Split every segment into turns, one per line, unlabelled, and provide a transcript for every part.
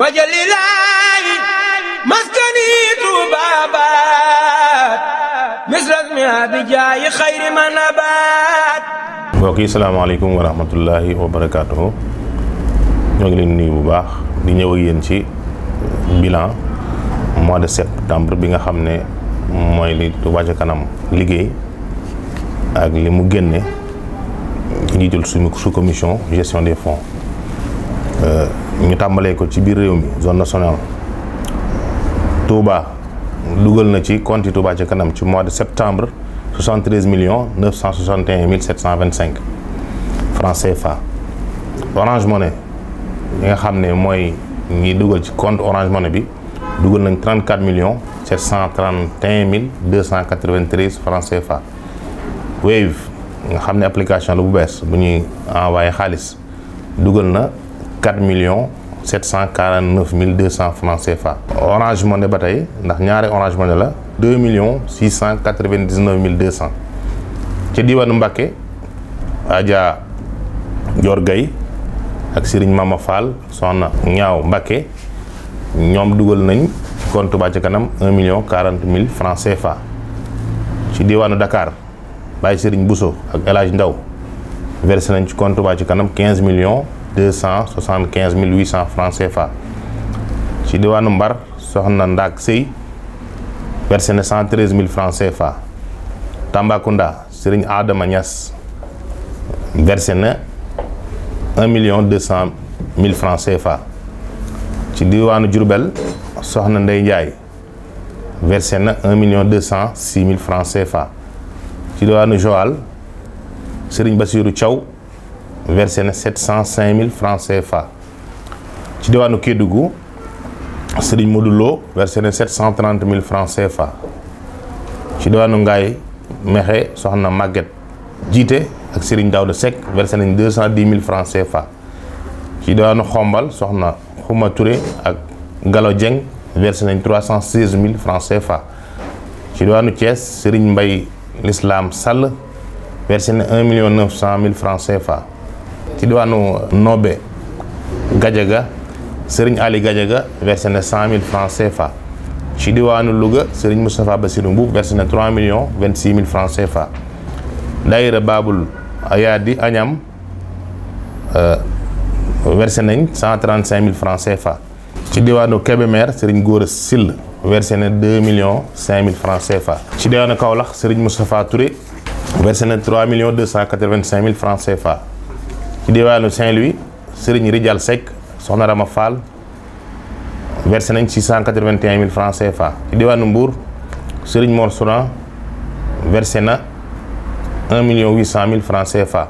wajalilaahi maskani tuubaabaat misrasmi abijaayi xayri ma nabaat mbokk yi salaamaaleykum wa rahmatullahi wa barakaatuhu ñoo ngi leen nuyu bu baax li ñëw ak ci bilan mois de septembre bi nga xam ne mooy li Touba ca kanam liggéey ak li mu génne njiitul su sous commission gestion des fonds Euh, ñu tàmbalee ko ci biir réew mi zone nationale Touba dugal na ci compte Touba ci kanam ci mois de septembre 73 millions 961 mille 725 francs CFA Orange Money ñi nga xam ne mooy ñi dugal ci compte Orange Money bi dugal nañ 34 millions 731 mille 293 francs CFA Wave nga xam ne application la bu bees bu ñuy envoyé xaalis dugal na 4 millions 749 mille 200 francs CFA. Orange Money ba tey ndax ñaari Orange Money la 2 millions 699 mille 200 ca diwaanu Mbacké Adja Dior Gueye ak Serigne Mama Fall soxna ñaaw Mbacké ñoom dugal nañ compte Touba Ca Kanam 1 million 40 mille francs CFA ci diwaanu Dakar Baye Serigne Bousso ak El Hadj Ndaw versé nañ ci compte Touba ci Kanam 15 millions. deux cent soixante quinze mille huit cent francs CFA ci diwaanu Mbar soxna Ndaak Sëy versé na cent treize mille francs CFA Tambacounda Serigne Adama Niass versé na un million mille francs fa ci diwaanu Diourbel soxna Ndey Ndiaye versé na un million deux cent six mille francs CFA ci diwaanu Joal Serigne Bassirou Thiaw versé na sept cent cinq mille francs CFA ci diwaanu Kédougou Serigne Modou Lo versé na sept cent trente mille francs CFA ci diwaanu Ngaye Mexe soxna Maguette Jiite ak daw Daouda Seck versé nañ deux cent dix mille francs CFA ci diwaanu Xombal soxna Xuma Touré ak Galo Dieng versé nañ trois cent seize mille francs CFA ci diwaanu Thiès Serigne mbay l'Islam Sall versé na un million neuf cent mille francs CFA. ci diwaanu Nobe ga sëriñ Ali gaje ga versé na mille francs CFA ci diwaanu Louga sëriñ Moustapha Bassirou Mbuub versé na 3 millions 26 000 francs CFA daayira Baabul Ayaadi Añam euh, versé nañ 135 000 francs CFA ci diwaanu Kébémer sëriñ Góora Sill versé na 2 millions 5 000 francs CFA ci diwaanu Kaolack sëriñ Moustapha Touré versé na 3 millions 285 000 francs CFA ci diwaanu Saint-Louis Serigne Rijal Seck soxna Rama Fall versé nañ cent 681 000 francs CFA ci diwaanu mbuur Serigne Mor Souran versé na 1 million cent mille francs CFA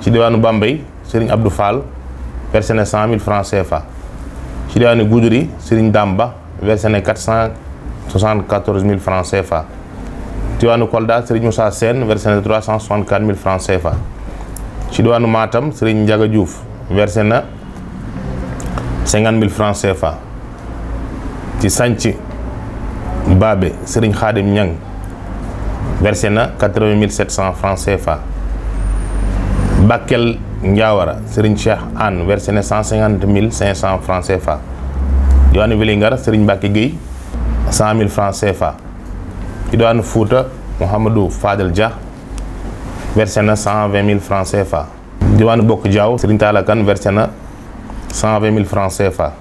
ci diwaanu Bambey Serigne Abdou Fall versé na cent mille francs fa ci diwaanu Goudiri Serigne Damba versé na 474 000 francs CFA ci diwaanu Kolda Serigne Moussa Sène versé na 364 mille francs fa ci diwaanu Matam Serigne Ndiaga Diouf versé na cinquante mille francs ci sànc Babé Serigne Khadim Niang versé na quatre-vingt mille sept cent francs CFA Bakel Ndiawara Serigne Cheikh Anne versé na cent cinquante mille cinq cent francs CFA diwaanu Vélingara Serigne Mbacké Guèye cent mille francs CFA ci diwaanu Fouta Mouhamadou Fadel Dia versé na cent vingt mille franc CFA. diwaanu Bokk Diaw Serigne Talla Kane versé na cent vingt mille franc CFA.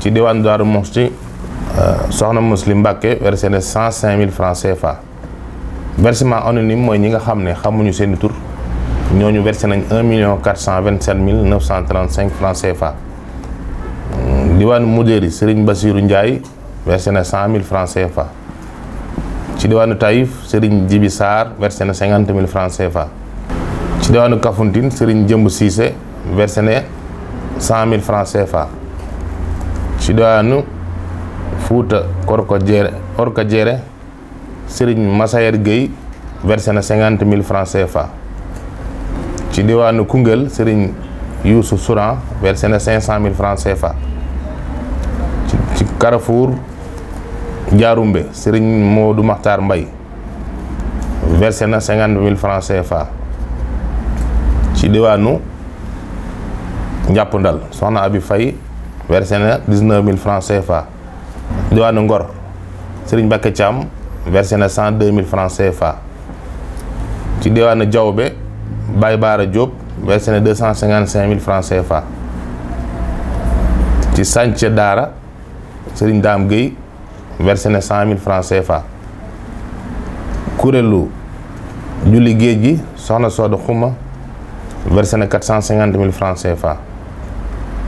ci diwaanu Daaru Moxti euh, soxna Muslim Mbàkke versé na cent cinq mille franc CFA. versement anonyme mooy ñi nga xam ne xamuñu seeni tur ñooñu versé nañ un million quatre cent vingt sept mille neuf cent trente cinq franc CFA. diwaanu Moudéri Serigne Bassirou Ndiaye versé na cent mille franc CFA. ci diwaanu Taïf Serigne Jibi Sarr versé na cinquante mille francs CFA. ci diwaanu Kafountine Serigne Jëmb Cissé versé na cent mille francs CFA. ci diwaanu Fouta Korko Jere Korko Jere Serigne Massayer na cinquante mille francs CFA. ci diwaanu Koungheul Serigne Youssou Souran versé na cinq cent mille francs CFA. ci Carrefour. Diaroumbe sëriñ Modou Makhtar mbay versé na cinquante mille francs CFA ci diwaanu Njàppandal soxna Abi fay versé na dix-neuf mille francs CFA diwaanu Ngor sëriñ Mbacké Thiam verse na cent deux mille francs CFA ci diwaanu Diawbe Baye Baara Diop versé na deux cent cinquante cinq mille francs CFA ci Santhie Daara sëriñ Dame Gueye versé na cent mille francs CFA kuréelu julli géej gi soxna Sooda Xuma versé na quatre cent cinquante mille francs CFA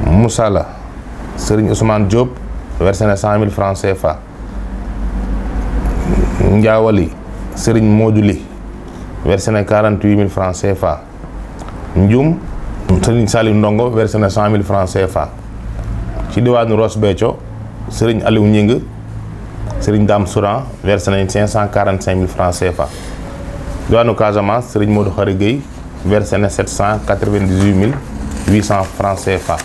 Musala Sëriñ Ousmane Diop versé na cent mille francs CFA Njaawali Sëriñ Mooduli versé na quarante huit mille francs CFA Njum Sëriñ Saliou Ndongo versé na cent mille francs CFA ci diwaanu Ross Béthio Sëriñ Aliou Ñing Serigne Dame Souran versé nañ cinq cent quarante cinq mille francs CFA. diwaanu Casamance Serigne Modou Khary Gueye versé na sept cent quatre vingt dix huit mille huit cent francs CFA.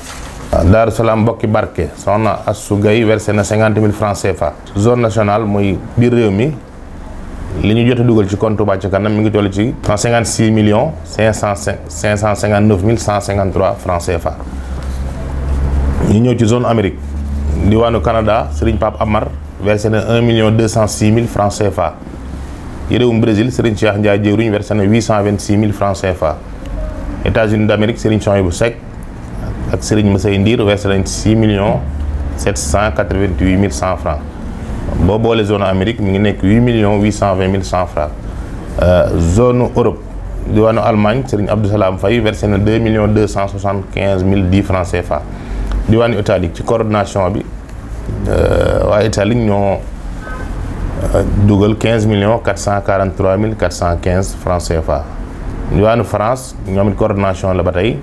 Daaru Salaam Mbokki Barke soxna Assou Gueye versé na cinquante mille francs CFA. zone nationale mooy biir réew mi. li ñu jot a dugal ci compte Touba Ca Kanam mi ngi toll ci 156 millions 500 559 mille 153 francs CFA. ñu ñëw ci zone Amérique diwaanu Canada Serigne Pape Amar versé na 1 million 206 mille francs CFA. réewum Brésil Serigne Cheikh Ndiaye jëwriñ versé na 826 mille francs CFA. états bu d'Amérique Serigne Souhaïbou Seck ak Serigne Massay Ndiir versé nañ 6 millions 788 mille 100 francs. boo boole zone Amérique mi ngi nekk 8 millions 820 mille 100 francs. Euh, zone Europe diwaanu Allemagne Serigne Abdou Salam Faye versé na 2 millions 275 mille 10 francs CFA. diwaanu Italie ci cordination bi. Euh, waa Italie ñoo euh, dugal quinze millions quatre cent quarante trois mille quatre cent quinze francs CFA. diwaanu France ñoom it coordination la ba tey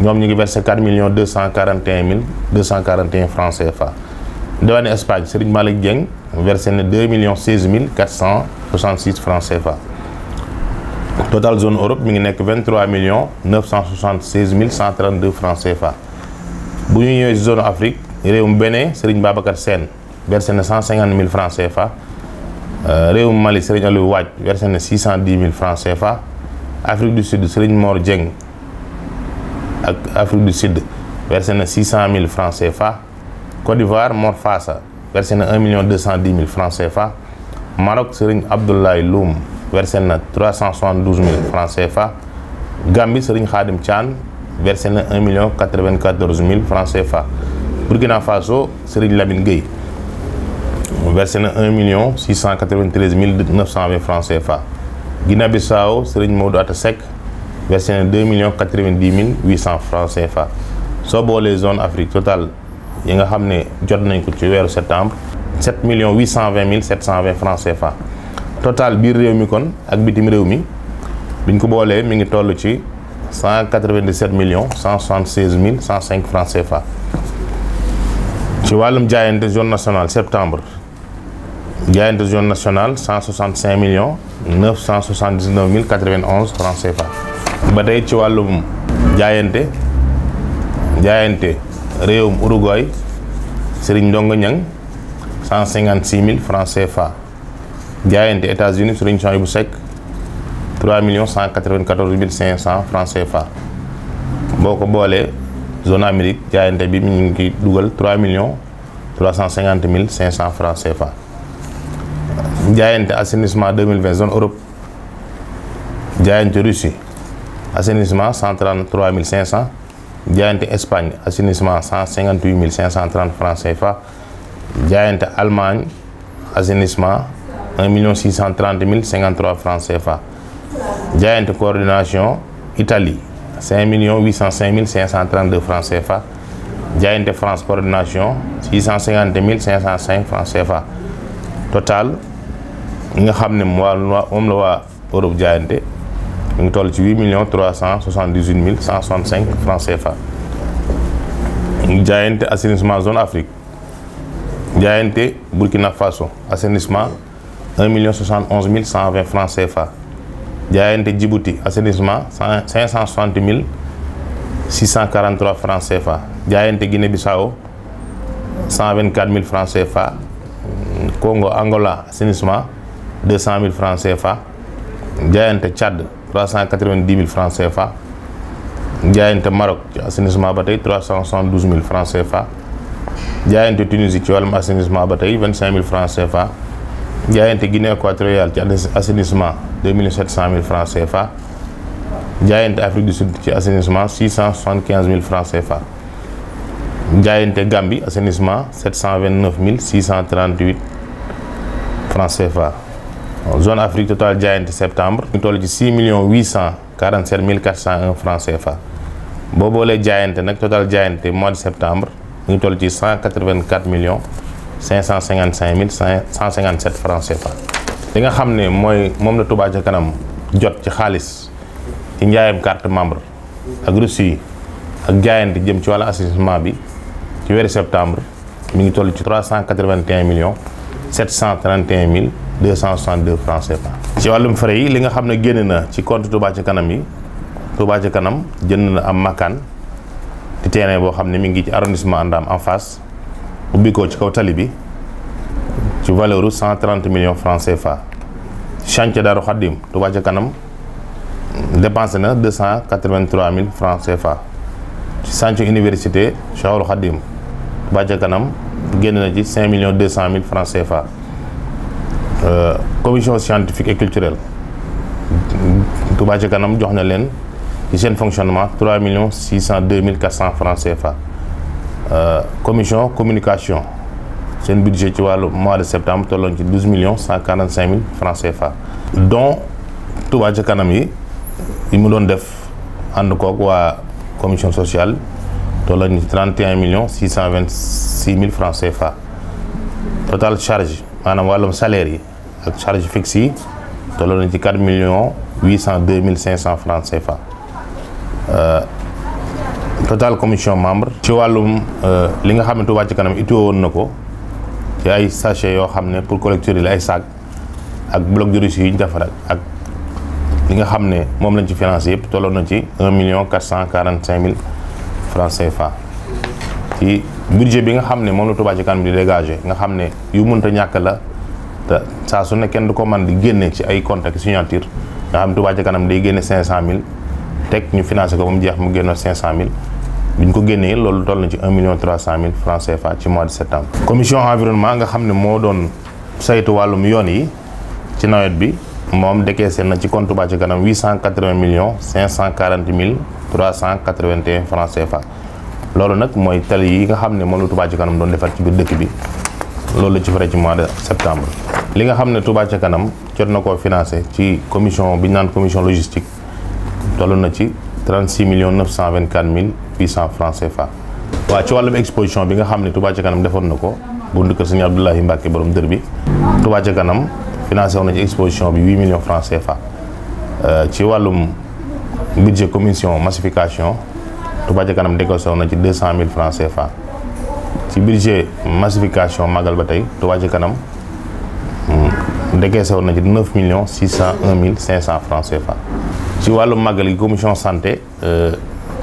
ñoom ñu ngi versé million millions deux cent quarante et un mille deux cent quarante et un francs CFA. diwaanu Espagne Serigne Malick Dieng versé na deux millions seize mille quatre cent soixante six francs CFA. total zone Europe mi ngi nekk vingt trois millions neuf cent soixante mille cent trente deux francs CFA. bu ñu ñëwee zone Afrique. réewum Bénin Serigne Babacar Sène versé na 150 000 fa CFA réewum Mali Serigne Aliou Waaj versé na 610 000 francs CFA Afrique du Sud Serigne moor Dieng ak Afrique du Sud versé na 600 000 francs CFA Côte d'Ivoire Mor Fassa versé na 1 million 210 000 francs CFA Maroc Serigne Abdoulaye Loum versé na 372 000 francs CFA Gambie Serigne Khadim Thian versé na 1 million 94 mille francs CFA Burkina Faso Serigne Lamine Gueye versé na 1 million 693 mille 920 francs CFA Guinée Bissau Serigne Modou Atta Seck versé na 2 millions 90 mille 800 francs CFA soo boolee zone Afrique totale yi nga xam ne jot nañ ko ci weeru septembre 7 millions 820 mille 720 francs CFA total biir réew mi kon ak bitim réew mi biñ ko boolee mi ngi toll ci 197 millions 176 mille 105 francs CFA ci wàllum jaayante zone nationale septembre jaayante zone nationale 165 millions 979 mille 91 francs CFA ba tey ci wàllum jaayante jaayante réewum Uruguay Serigne Ndongo Ñang 156 mille francs CFA jaayante États-Unis Serigne Souhaïbou Seck 3 millions 194 mille 500 francs CFA boo ko boolee zone Amérique jaayante bi mi ngi dugal 3 millions trois cent cinquante mille cinq cent francs CFA. jaayante assainissement deux mille vingt zone Europe jaayante Russie assainissement cent trente mille cinq cent jaayante Espagne assainissement cent cinquante huit mille cinq cent trente francs CFA jaayante Allemagne assainissement un million six cent trente mille cinquante trois francs CFA jaayante coordination Italie cinq millions huit cent cinq mille cinq cent trente deux francs CFA France coordination. 652 505 francs CFA total nga xam ne moom la waa Europe jaayante mu ngi toll ci 8 millions 378 mille 165 francs CFA fa jaayante assainissement zone Afrique jaayante Burkina Faso assainissement 1 million 71 mille 120 francs CFA jaayante Djibouti assainissement 560 mille 643 francs CFA jaayante Guinée Bissau 124 000 francs CFA Congo Angola assainissement 200 000 francs CFA jaayante Tchad 390 000 francs CFA jaayante Maroc ci assainissement ba tey 372 000 francs CFA jaayante Tunisie ci wàllum assainissement ba tey 25 000 francs CFA jaayante Guinée équatoriale ci assainissement 2 700 000 francs CFA jaayante Afrique du Sud ci assainissement 675 000 francs CFA Njaayante Gàmbi assainissement 729 638 francs CFA zone Afrique total Jaayante septembre ñu toll ci 6 millions 847 mille 401 francs CFA boo boolee Jaayante nag total Jaayante mois de septembre ñu ngi toll ci 184 millions 555 mille 157 francs CFA. li nga xam ne mooy moom la Touba ca kanam jot ci xaalis ci njaayam carte membre ak Russie yi ak Jaayante jëm ci wàllu assainissement bi. ci weeru septembre mi ngi toll ci 381 millions 731 mille 262 francs CFA. ci wàllum frais yi li nga xam ne génn na ci compte Touba ci kanam yi Touba kanam jënd na am makkaan di terrain boo xam ne mi ngi ci arrondissement am en face ubbi ci kaw tali bi ci valeur u 130 millions francs CFA. chantier Daaru Xaddim Touba ci kanam dépensé na 283 mille francs CFA ci chantier université Cheikhoul Khadim Badja Kanam génn na ci 5 millions 200 mille francs CFA euh, commission scientifique et culturel Touba Ca Kanam jox na leen ci seen fonctionnement 3 millions 602 mille 400 francs CFA euh, commission communication seen budget ci wàllu mois de septembre tolloon ci million millions 145 mille francs CFA donc Touba Ca Kanam yi li mu doon def ànd koog waa commission sociale tolla ni 31 vingt 626 mille francs CFA total charge maanaam wàllum salaire yi ak charge fixe yi tolloo na ci 4 millions 802 mille 500 francs CFA euh, total commission membre ci wàllum euh, li nga xam ne Touba Ca Kanam itoo woon na ko ci ay sachet yoo xam ne pour collecteurs yi la ay sac ak bloc de reçu yi ñu defar ak li nga xam ne moom lañ ci financé yëpp tolloon million ci 1 million 445 mille francs CFA ci budget bi nga xam ne moom la Touba ci kanam di dégagé nga xam ne yu mënta ñàkk la te saa su ne kenn du ko man di génne ci ay compte ak signature nga xam ne Touba ci kanam day génne 500000 teg ñu financé ko ba mu jeex mu génnoon 500000 bi ñu ko génnee loolu toll na ci million 300000 francs CFA ci mois de septembre. commission environnement nga xam ne moo doon saytu wàllum yoon yi ci nawet bi moom seen na ci compte Touba ci kanam 880 millions 540 mille. 381 francs CFA loolu nag mooy tali yi nga xam ne moom la Touba Ca Kanam doon defar ci biir dëkk bi loolu la ci fare ci mois de li nga xam ne Touba Ca Kanam jot na koo financé ci commission bi ñu naan commission logistique toll na ci 36 millions 924 mille 800 francs CFA waaw ci wàllum exposition bi nga xam ne Touba Ca Kanam defoon na ko bundu kër Sëñ Abdoulahi Mbacke borom dër bi Touba Ca Kanam financé woon na ci exposition bi 8 millions francs CFA euh, ci wàllum budget commission massification Touba Ca Kanam décosow na ci deux cent mille francs CFA ci budget massification màggal ba tey Touba Ca Kanam hmm, décaissé woon na ci neuf millions cent un cinq cent francs CFA ci wàllu màggal gi commission santé euh,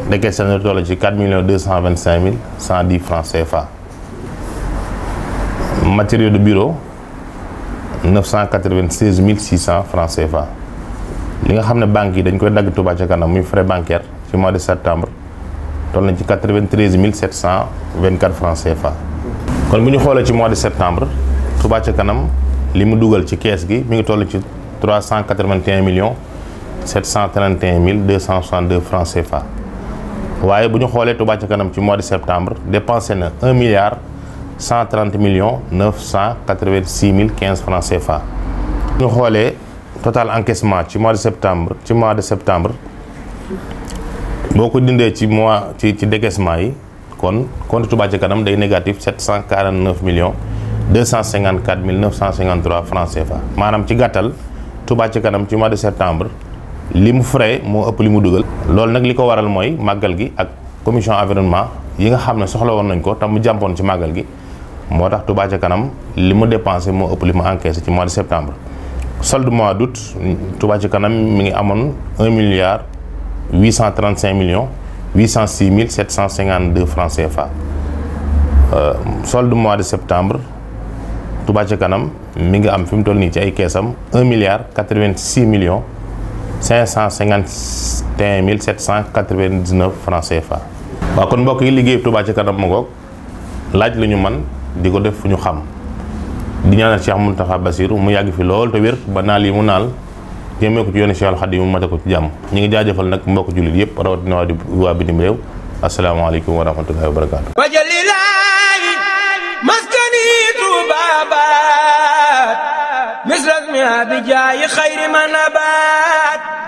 décaissé na toll ci quatre millions deux cent vingt cinq mille cent dix francs CFA matériaux de bureau neuf cent quatre mille six cent francs CFA li nga xam ne banques yi dañ koy dagg Touba ca kanam muy frais bancaire ci mois de septembre toll nañ ci 93 724 francs CFA. kon bu ñu xoolee ci mois de septembre Touba ca kanam li mu dugal ci kees gi mi ngi toll ci 381 millions 731 mille 262 francs CFA. waaye bu ñu xoolee Touba ca kanam ci mois de septembre dépensé na 1 milliard 130 millions 986 mille 15 francs CFA. bu ñu xoolee. total encaissement ci mois de septembre ci mois de septembre boo ko dindee ci mois ci ci décaissement yi kon compte Touba Ca Kanam day négatif 749 millions 254 mille 953 francs CFA maanaam ci gàttal Touba Ca Kanam ci mois de septembre li mu frais moo ëpp li mu dugal loolu nag li ko waral mooy màggal gi ak commission environnement yi nga xam ne soxla woon nañ ko tam mu jàmpoon ci màggal gi moo tax Touba Ca Kanam li mu dépensé moo ëpp li mu encaissé ci mois de septembre solde mois d'août Touba ci kanam mi ngi amoon un milliard huit cent cinq millions huit cent six mille sept cent cinquante deux francs CFA euh, solde mois de septembre Touba ci kanam mi ngi am fi mu toll nii ci ay keesam un milliard quatre vingt six millions cinq cent cinquante et mille sept cent quatre vingt dix neuf francs CFA. waaw kon mbokk yi liggéey Touba ci kanam ma ngoog laaj lañu man di ko def fu ñu xam. di ñaanal Cheikh Mountakha Bassirou mu yàgg fi lool te wér ba naal yi mu naal jëmee ko ci yoonu Cheikh Al Khadim mu mate ko ci jàmm ñu ngi jaajëfal nag mbokk jullit yëpp rawatina waa di waa bitim réew asalaamaaleykum wa rahmatullahi wa barakaatu wajalilaayi maskani tubabat misrasmi abijaayi xayri manabat